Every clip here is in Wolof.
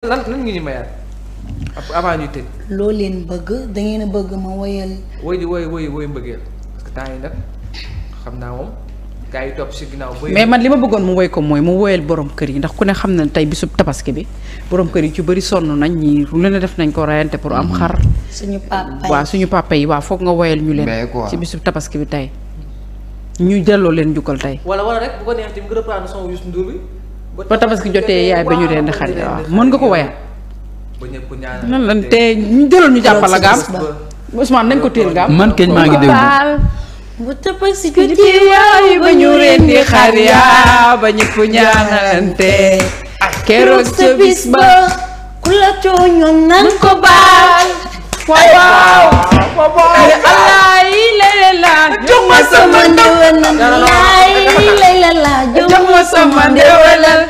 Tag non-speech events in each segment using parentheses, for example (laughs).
lan lan loo leen bëgg da ngeen a bëgg ma woyal. woy di woy woy woy mbëggeel parce que xam naa moom gars yi topp si ginnaaw. mais man li ma bëggoon mu woy ko mooy mu woyal borom kër yi ndax ku ne xam na tey bisub tabaski bi borom kër yi ci bëri sonn nañ ñi lu ne def nañ ko rayante pour am xar. suñu papa yi waaw suñu papa yi waaw foog nga woyal ñu leen. ci bisub tabaski bi tey. ñu delloo leen jukkal tey. ba tabaski jotee yaay ba ñu rendi xar yi mën nga ko woyaat. nan lan te ñu jëloon ñu jàppal la gaam Ousmane nañ ko téel gaam man keñ maa ngi déglu ba ñu rendi xar yaa ba ñëpp ñaanalante ah, keroog sa bis ba ku la tooñoon nan ko baal waaw waaw allah yi la la jox ma sama ndewalal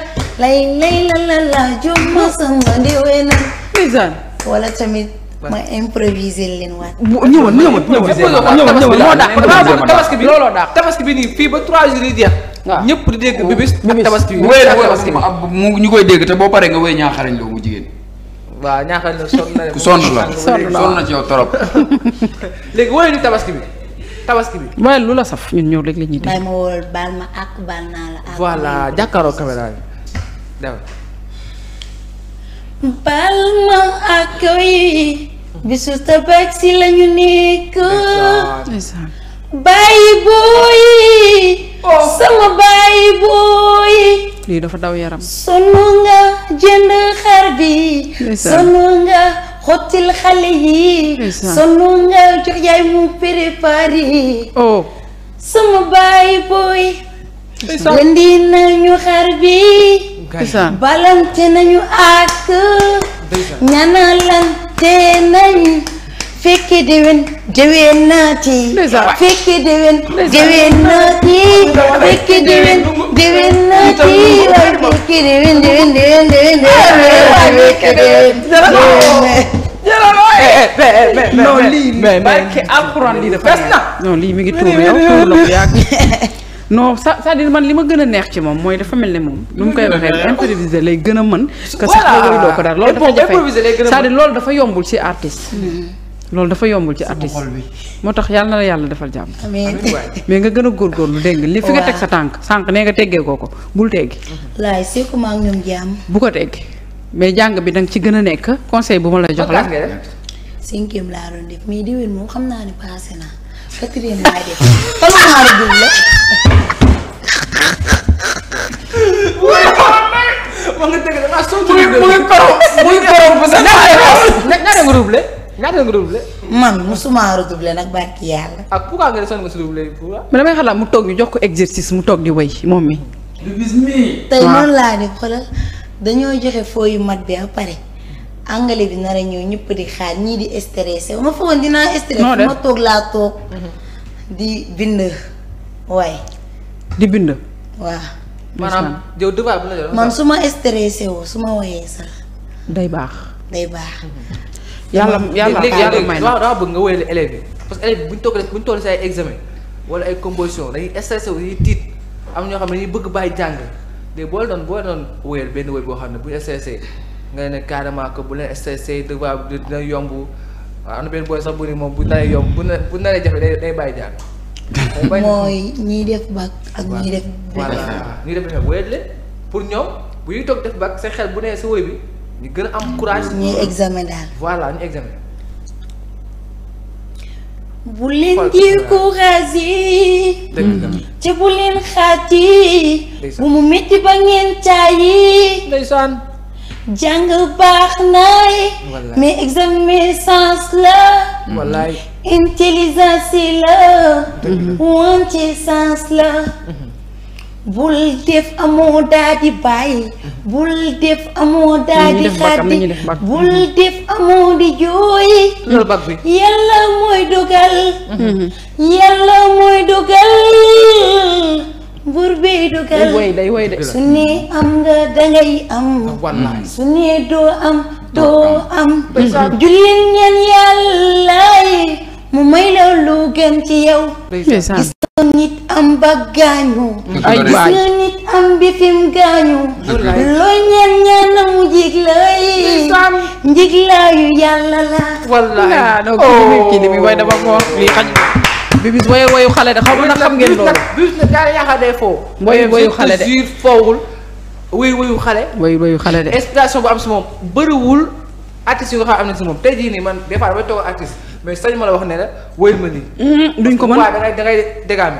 lay la la la jox ma sama ndewalal ndeysaan wala tamit ma improviser leen waat. ñëwoon ñëwoon ñëwoon moo dàq tabaski bi looloo dàq tabaski bi nii fii ba trois jours yi jeex. ñëpp di dégg bibis ak tabaski bi ñu koy dégg te boo paree nga wéy ñaaxarañ loo mu jigéen. waaw ñaaxarañ loo sonn na sonn la sonn na ci yow trop. (laughs) léegi wóyuñu tabaski bi. tabaski bi. waaye lu la saf ñun ñëw rek la ñuy dégg. bàyyi ma woo baal ma àq baal naa la. àq voilà jàkkaaroo caméra yi dem. baal ma àq yi. bisu tabaski la ñu nekk. Oh. sama bàyyi booyi. lii dafa daw yaram. sonn nga jënd xar bi. sonn nga. xottil xale yi sonu nga jox yaay mu préparé oh sama baay booy indi nañu xar bi nañu ak ñanalante nañu fekke dewen dewen naati fekke dewen dewen naati fekke dewen dewen naati fekke dewen dewen dewen dewen non lii mais barke alxuraan lii dafa non lii mi ngi tuur yow tuur la bu yàgg non cest à man li ma gën a neex ci moom mooy dafa mel ni moom nu mu koy waxee improviser lay gën a mën que sax koy woyloo ko dara loolu dafa jafe c'est-à-dire loolu dafa yombul si artiste loolu dafa yombul ci artiste mm-hmm. moo tax yàlla na la yàlla defal jàmm mais nga gën a góorgóorlu dégg nga li fi nga teg sa tànk sànq nee nga teggee koo ko bul teggi bu ko teggi mais jàng bi da nga ci gën a nekk conseil bu ma la jox la. cinquième laa doon def mais déwén moom xam naa ne passé naa quatrième laa def xam la. ma man musuma redoublé nag barki yàlla. ak ah, pourquoi nga sonn nga si doublé pourquoi. xalaat mu toog ñu jox ko exercice mu toog di wéy moom mi. du bis laa def xoolal. dañoo joxe foo yu mat bi a pare angale bi nar a ñëw ñëpp di xaar ñii di stressé ma foogoon dinaa stressé ma toog laa mhm. di bind waaye di bind waaw maanaam yow devoir bu su ma stressé woo su ma baax day baax mhm. yàlla yàlla yàlla may na daa bëgg nga que élèves toog bu ñu toll si ay examen wala ay composition dañuy stressé wu dañuy tiit am ñoo xam ne dañuy bëgg bàyyi jàng léegi boo doon boo doon wéyal benn wéy boo xam ne bu ñu stressé nga ne carrément que bu leen stressé devoir bi dina yomb waaw am ah, na benn booy sax bu ne moom bu naree yomb bu na bu naree jafe day day bàyyi jàng. mooy ñiy def bac ak ñiy def. voilà ñiy def bac wéyal leen pour ñoom bu ñuy toog def bac sa xel bu nee sa wéy bi ñu gën a am courage. ñuy examen daal voilà ñu examen. bu leen jéego raasi. dëgg la mm. ca bu leen xaati. bu mu métti ba ngeen caayi. ndeysaan. jàng baax naay. mais examen sens la. Mm-hmm. intelligence la. wante sens la. Mm-hmm. bul def amoo daa di bàyyi bul def amoo daa di xaddi bul def amoo di jooyi yàlla mooy dogal mhm. yàlla mooy dogal buur bee dogal su ne am nga dangay am ah, su ne doo am doo am jullit ñan yàlla mu may la lu gën ci yow. gis nga nit am ba gaañu. ay gis nga nit am bi fi mu gaañu. loo ñaan ñaan na la. wallaahi dama ko wax lii xaj. bi bis woyee woyu xale de xaw ma na xam ngeen loolu. bis nag gaa yaxadee foo. xale de jur foowul. woyu xale. de. station bu am si moom bëriwul artistes yu nga xam am na si moom tey jii man des damay toog artiste mais sañ ma la wax ne la ma nii. Mhm, duñ ko mën waaw da ngay da ngay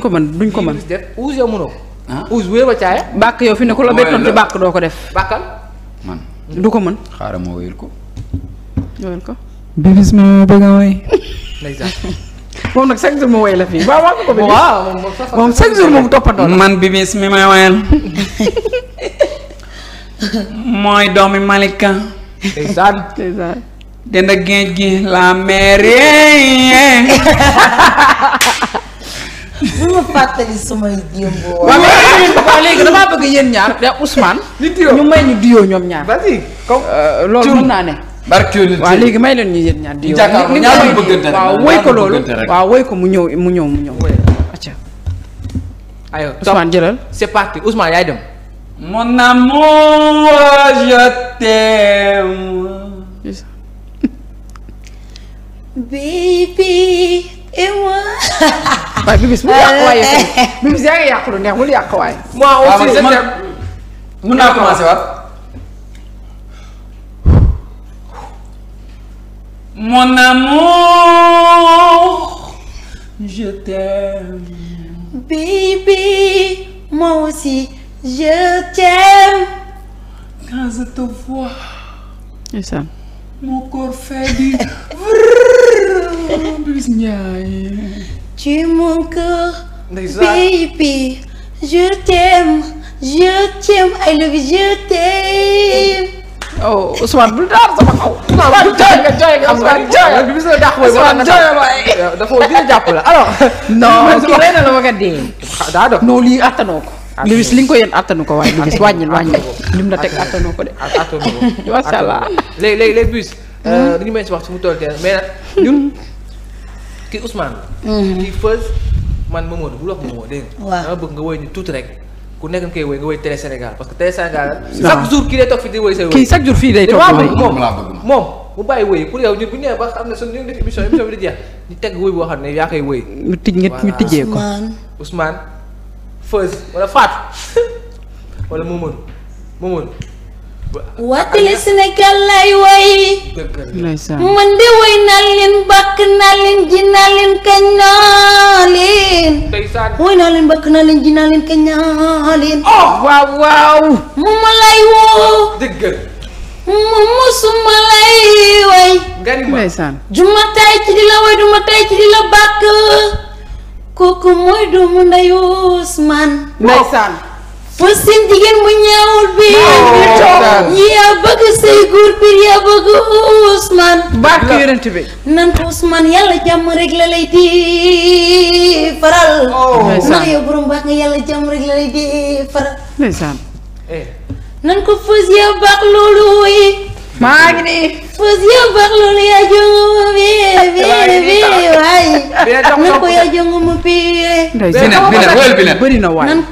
ko mën duñ ko mën. uus yow mënoo. ah uus wéyal ma caaya. bàkk yow fi ne ku la bettoon ci bàkk doo ko def. bàkkal man du ko mën. xaaral moo wéyal ko. wéyal ko. ma bëgg a way. (laughs) moom nag chaque jour mu woy la fii. bi waaw moom chaque jour moom toppatoo la. man bibis mi may woyal. (laughs) mooy doomi Malika. dend ak géej gi la mer (laughs) bu ma fàttali sumay démb. waaw léegi damaa bëgg yéen ñaar da Ousmane. ñu may ñu diyoo ñoom ñaar. Euh, loolu mën naa ne. waaw léegi may leen ñu yéen ñaar diyoo. waaw woy ko loolu waaw woy ko mu ñëw mu ñëw mu ñëw. acca aywa Ousmane jëlal. c'est parti Ousmane yaay dem. baby et moi. waaye bibis mu yàq waaye bibis yaa ngi yàq lu neex bul yàq waaye. moi aussi je t'aime. mun naa commencer waat. mon amour. je t'aime. baby moi aussi je t'aime. quand je te vois. Yes, mon corps fait (laughs) bis Ndiaye. tu mon cœur. baby je t'aime je t'aime I love bul daar sama kaw. Ousmane jooy nga jooy nga Ousmane jooy nga bis la dàq booy wala nga jàpp la alors. non ma dee. daa lii attanoo ko. Lewis li nga ko yéen attanu ko waaye Lewis wàññil wàññil lim la teg attanoo ko de. macha lu eh, ñu may si wax su mu toll teel mais nag ñun (laughs) kii Ousmane la. Mhm. kii Feuz man Momadou bu la wax Momadou dégg nga. waaw dama bëgg nga woy ni tuuti rek. ku nekk nga koy woy nga woy Télé Sénégal parce que Télé Sénégal. chaque jour kii day toog fii di woy say woy. kii chaque jour fii day toog di woy moom moom mu bàyyi woy pour yow ñun bu ñu nee ba xam ne suñu ñu ngi def émission émission bi di jeex ñu teg woy boo xam ne yaa koy woy. ñu tij nga ñu tijjee ko Ousmane Feuz wala Fatou (laughs) wala Momadou Momadou. wakkili Sénégal lay woy man di woy naa leen bàkk naa leen ji naa leen kañ naa leen woy naa leen bàkk naa leen ji naa leen kañ naa leen oh, waaw waaw mu ma lay woo mu musuma lay woy duma tay ci di la woy duma tay ci di la bàkk kooku mooy doomu ndeyu Ousmane ndeysaan Fassine jigéen mu ñaawul bi yaa bëgg say góor biir yaa bëgg Ousmane. barke yonent bi nan ko Ousmane yàlla jàmm rek la lay di faral. ndeysaan yow borom baax nga yàlla jàmm rek la lay di faral. ndeysaan. Eh. nan ko Fass yaa baax loolu yi. maa ngi nii. Fass yaa baax jongo bi bi bi nan ko yaa jongo mu pire. ndeysaan bi na wël bi na bëri na